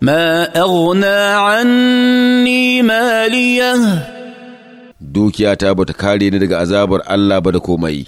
ما أغنى عني مالية دوكيا تابو تكاري ندق أزابر الله بدكو مي